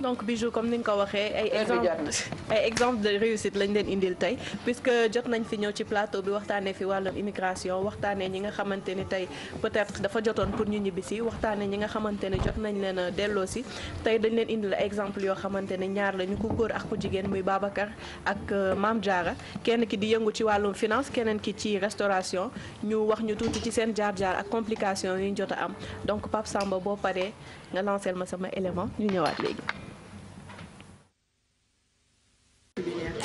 donc bi bijou comme ni nga ko waxee ay exemple ay exemple de réussite lañ leen indil tey puisque jot nañ fi ñëw ci plateau bi waxtaanee fi wàllum immigration waxtaanee ñi nga xamante ni tey peut-être dafa jotoon pour ñu ñibbisi waxtaanee ñi nga xamante ne jot nañ leen a delloo si tey dañ leen indil exemple yoo xamante ne ñaar la ñu ko góor ak ku jigéen muy Babacar ak euh, maam jaara kenn ki di yëngu ci wàllum finance keneen ki ci restauration ñu wax ñu tuuti ci seen jaar-jaar ak complication yi ñu jot a am donc Pape Samba boo paree nga lancel ma sama élément ñu ñëwaat léegi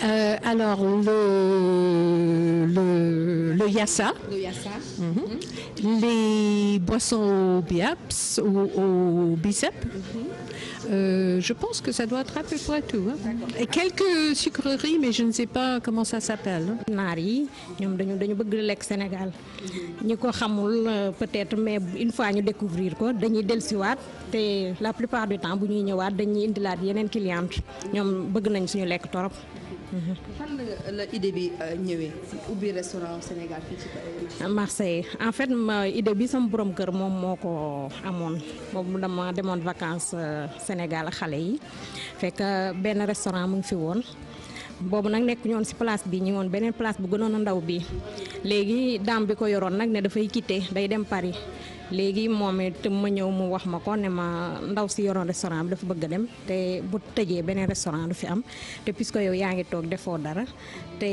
Euh, alors, le, le, le yassa. Le yassa. Mhm. Mhm. Les boissons au biaps, au, au bicep. Mhm. Euh, je pense que ça doit être à peu près tout. Hein. Et quelques sucreries, mais je ne sais pas comment ça s'appelle. naar yi ñoom dañu dañu bëgg lekk Sénégal ñi ko xamul euh, peut-être mais une fois ñu découvrir ko dañuy dellusiwaat te la plupart du temps bu ñuy ñëwaat dañuy indilaat yeneen clientes ñoom bëgg nañ suñu lekk torop fan la idée bi euh, ñëwee ubbi restaurant Sénégal fii ci Marseille en fait idée bi sama borom kër moom moo ko amoon boobu dama demoon vacances euh, Sénégal xale yi fekk euh, benn restaurant mu ngi fi woon boobu nag nekk ñoon ci place bi ñu woon beneen place bu gënoon a ndaw bi léegi daam bi ko yoroon nag ne dafay quitter day dem Paris léegi moom it ma ñëw mu wax ma ko ne ma ndaw si yoroon restaurant bi dafa bëgg a dem te bu tëjee beneen restaurant du fi am te puisque yow yaa ngi toog defoo dara te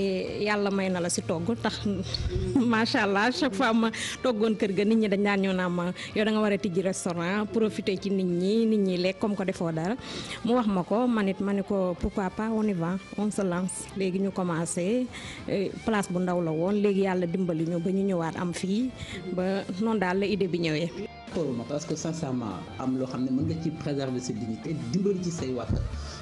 yàlla may na la si togg tax macha allah chaque fois ma toggoon kër ga nit ñi dañ daan ñëw naa ma yow danga war a tijji restaurant profité ci nit ñi nit ñi lekk comme ko defoo dara mu wax ma ko man it ma ne ko pourquoi pas on y va léegi ñu commencé euh, place bu ndaw la woon léegi yàlla dimbali ñu ñu ñëwaat am fii ñëwee. ma parce que sincèrement am loo xam ne mën nga ci préserver sa dignité dimbali ci say wàkk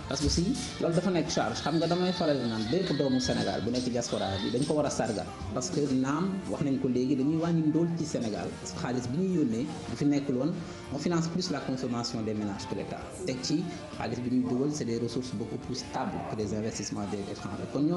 parce que si loolu dafa nekk charge xam nga damay faral naan bépp doomu Sénégal bu nekk diaspora bi dañ ko war a sargal parce que naam wax nañ ko léegi dañuy wàññi ndóol ci Sénégal xaalis bi ñuy yónnee bu fi nekk loon on finance plus la consommation des ménages que l'État teg ci xaalis bi ñuy dugal c'est des ressources beaucoup plus stables que les investissements des étrangers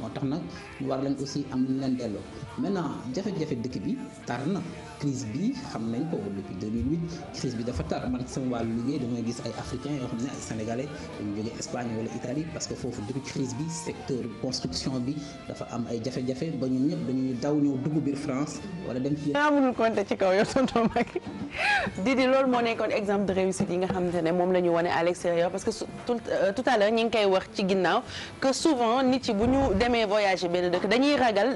moo tax nag war lañ aussi am ñu leen delloo maintenant jafe dëkk bi tar na crise bi xam nañ ko depuis 2008 crise bi dafa tar man sama wàllu liggéey ne ay sénégalais dañu jógee Espagne wala Italie parce que foofu depuis crise bi secteur construction bi dafa am ay jafe-jafe ba ñun ñëpp dañuy daw ñëw dugg biir France wala dem ci. yaa mënul compter ci kaw yow tonton Macky Didi loolu moo nekkoon exemple de réussite yi nga xamante ne moom la wane à parce que euh, tout à l'heure ñi ngi ci ginnaaw que souvent nit yi bu ñu demee voyager benn dëkk dañuy ragal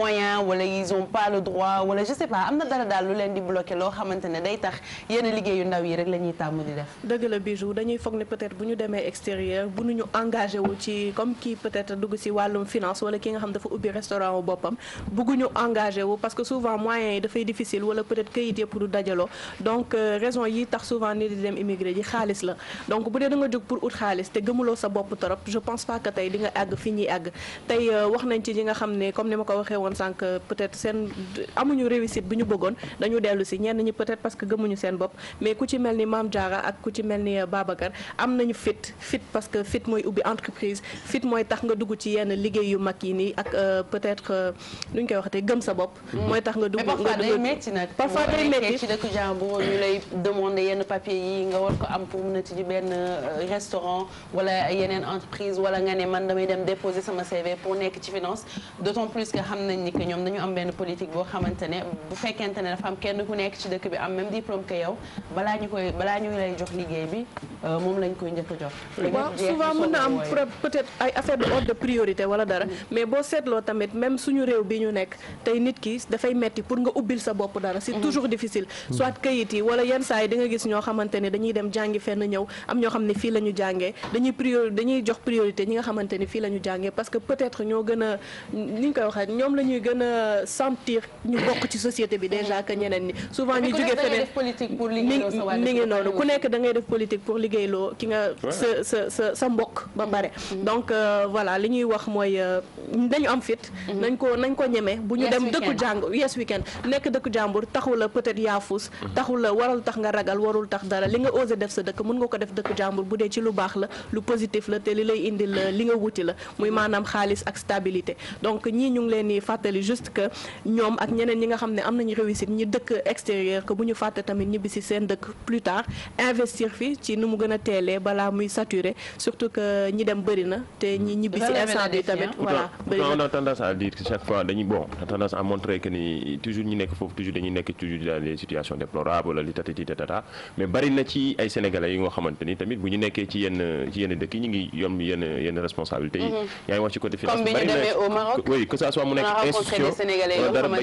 moyen wala ils ont pas le droit wala je sais pas am na dara daal lu leen di bloqué loo xamante ne day tax yenn liggéeyu ndaw yi rek la tàmm di def. dëgg la bijou dañuy foog ne peut bu ñu demee extérieur bu ñu engagé wu ci comme kii peut dugg si wàllum finance wala ki nga xam dafa ubbi restaurant boppam bëgguñu engagé wu parce que souvent moyens yi dafay difficile wala peut-être këyit du dajaloo donc euh, raison yi tax souvent nit waxoon sànq peut-être seen amuñu réussite bi ñu bëggoon dañu dellu si ñenn ñi peut-être parce que gëmuñu seen bopp mais ku ci mel ni Mame Diarra ak ku ci mel ni Babacar am ñu fit fit parce que fit mooy ubbi entreprise fit mooy tax nga dugg ci yenn liggéey yu mag yi nii ak euh, peut-être euh, nu ñu koy waxatee gëm sa bopp. Mm-hmm. mooy tax nga dugg nga dugg parfois day métti nag. parfois day métti ci dëkk jàmbur ñu lay nga war ko am pour mën a tijji benn euh, restaurant wala yeneen entreprise wala nga ne man damay dem déposer sama CV nekk ci finance ni que ñoom dañu am benn politique euh, a jox. waaw mm. nit ki dafay metti pour nga ubbil sa bopp dara c'est mm. toujours difficile mm. soit kayit yi wala yenn saa yi di gis ñoo xamante dañuy dem jàngi fenn ñëw am ñoo xam ne fii la ñu dañuy priorité ñi nga xamante ne fii la parce que peut-être ñoo gën a ni ñu koy waxee ñuy gën a sentir ñu bokk ci société bi déjà que ñeneen ni souvent ñu jógee feneen mi ngi noonu ku nekk da def politique pour liggéeyloo ki nga sa sa sa sa mbokk ba bare mm-hmm. donc euh, voilà li ñuy wax mooy dañu euh, am fit mm-hmm. nañ ko nañ ko ñemee bu ñu dem dëkku jàng yes weekend nekk dëkku jàmbur taxu la peut-être yaafus mm-hmm. taxu la waral tax nga ragal warul tax dara li nga osé def sa dëkk mën nga ko def dëkku jàmbur bu dee ci lu baax la lu positif la te li lay indil li nga fàttali juste que ñoom ak ñeneen ñi nga xam ne am nañu réussite ñi dëkk extérieur que bu ñu fàtte tamit ñibbi si seen dëkk plus tard investir fi ci nu mu gën a teelee balaa muy saturé surtout que ñi dem bëri na te ñi ñibbi si instant bi tamit voilà bëri na on a tendance à dire que chaque fois dañuy bon on a tendance à montrer que nekk toujours dañuy nekk toujours dans des situations déplorables wala li tatati tatata mais bari ci ay sénégalais yi nga xamante tamit bu ñu nekkee ci yenn dëkk ñu ngi yom yenn yenn yi mm-hmm. yaa institution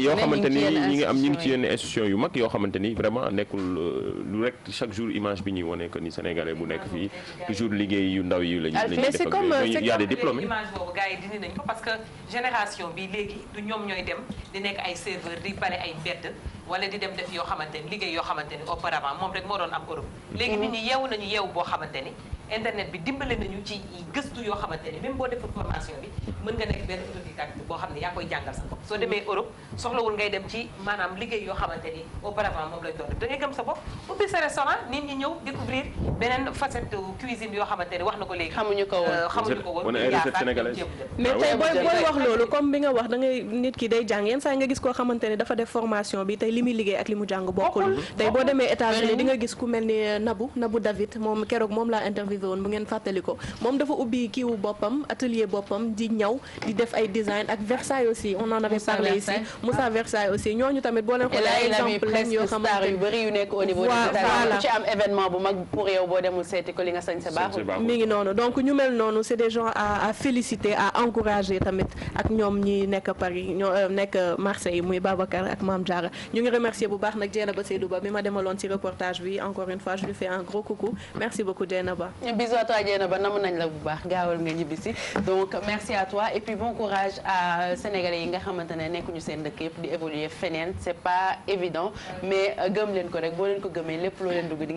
yoo xamante ni ñi ngi am ñi ngi ci yenn institution yu mag yoo xamante ni vraiment nekkul euh, lu rek chaque jour image bi ñuy wane que ni sénégalais bu nekk fii toujours liggéey yu ndaw yi la ñuy def y a des diplômés yi dindi parce que génération bi léegi du ñoom ñooy dem di nekk ay serveur di bale ay mbedd wala di dem def yoo xamante liggéey yoo xamante ni auparavant moom rek moo doon am Europe mhm. léegi nit ñi yeewu nañu yeewu boo xamante internet bi dimbale nañu ci gëstu yoo xamante ni même boo deful formation bi mën nga nekk benn autodidacte boo xam ne yaa koy jàngal sa bopp soo ni auparavant moom sa bopp wax na ko léegi xamuñu ko woon euh, xamuñu ko woon mais ah tey booy nit ki day jàng yenn saa nga gis koo xamante dafa def formation bi li muy liggéey ak li mu jàng bokkul tey boo demee États-Unis di gis ku mel ni euh, Nabou Nabou David moom keroog moom laa interviewé woon bu ngeen fàttali ko moom dafa ubbi kiiwu boppam atelier boppam di ñaw di def ay design ak Versailles aussi on en avait parlé ici Moussa ah. Versailles aussi tamit boo leen xoolee exemple lañ yoo ci am événement bu mag pour yow boo demul seeti ko li nga sañ sa baaxul mi ngi noonu donc ñu mel noonu c'est des gens à féliciter à encourager tamit ak ñoom ñi nekk Paris ñoo euh, nekk Marseille muy Babacar ak Mame Diarra ngi remercier bu baax nag Dieynaba Seydou Ba bi ma demaloon ci reportage bi encore une fois je lui fais un gros coucou merci beaucoup Dieynaba. bisous à toi Dieynaba namm nañ la bu baax gaawal nga ñibbisi donc merci à toi et puis bon courage à sénégalais yi nga xamante nekkuñu seen dëkk yëpp di évoluer feneen c'est pas évident mais euh, gëm leen ko rek boo leen ko gëmee lépp loo leen dugg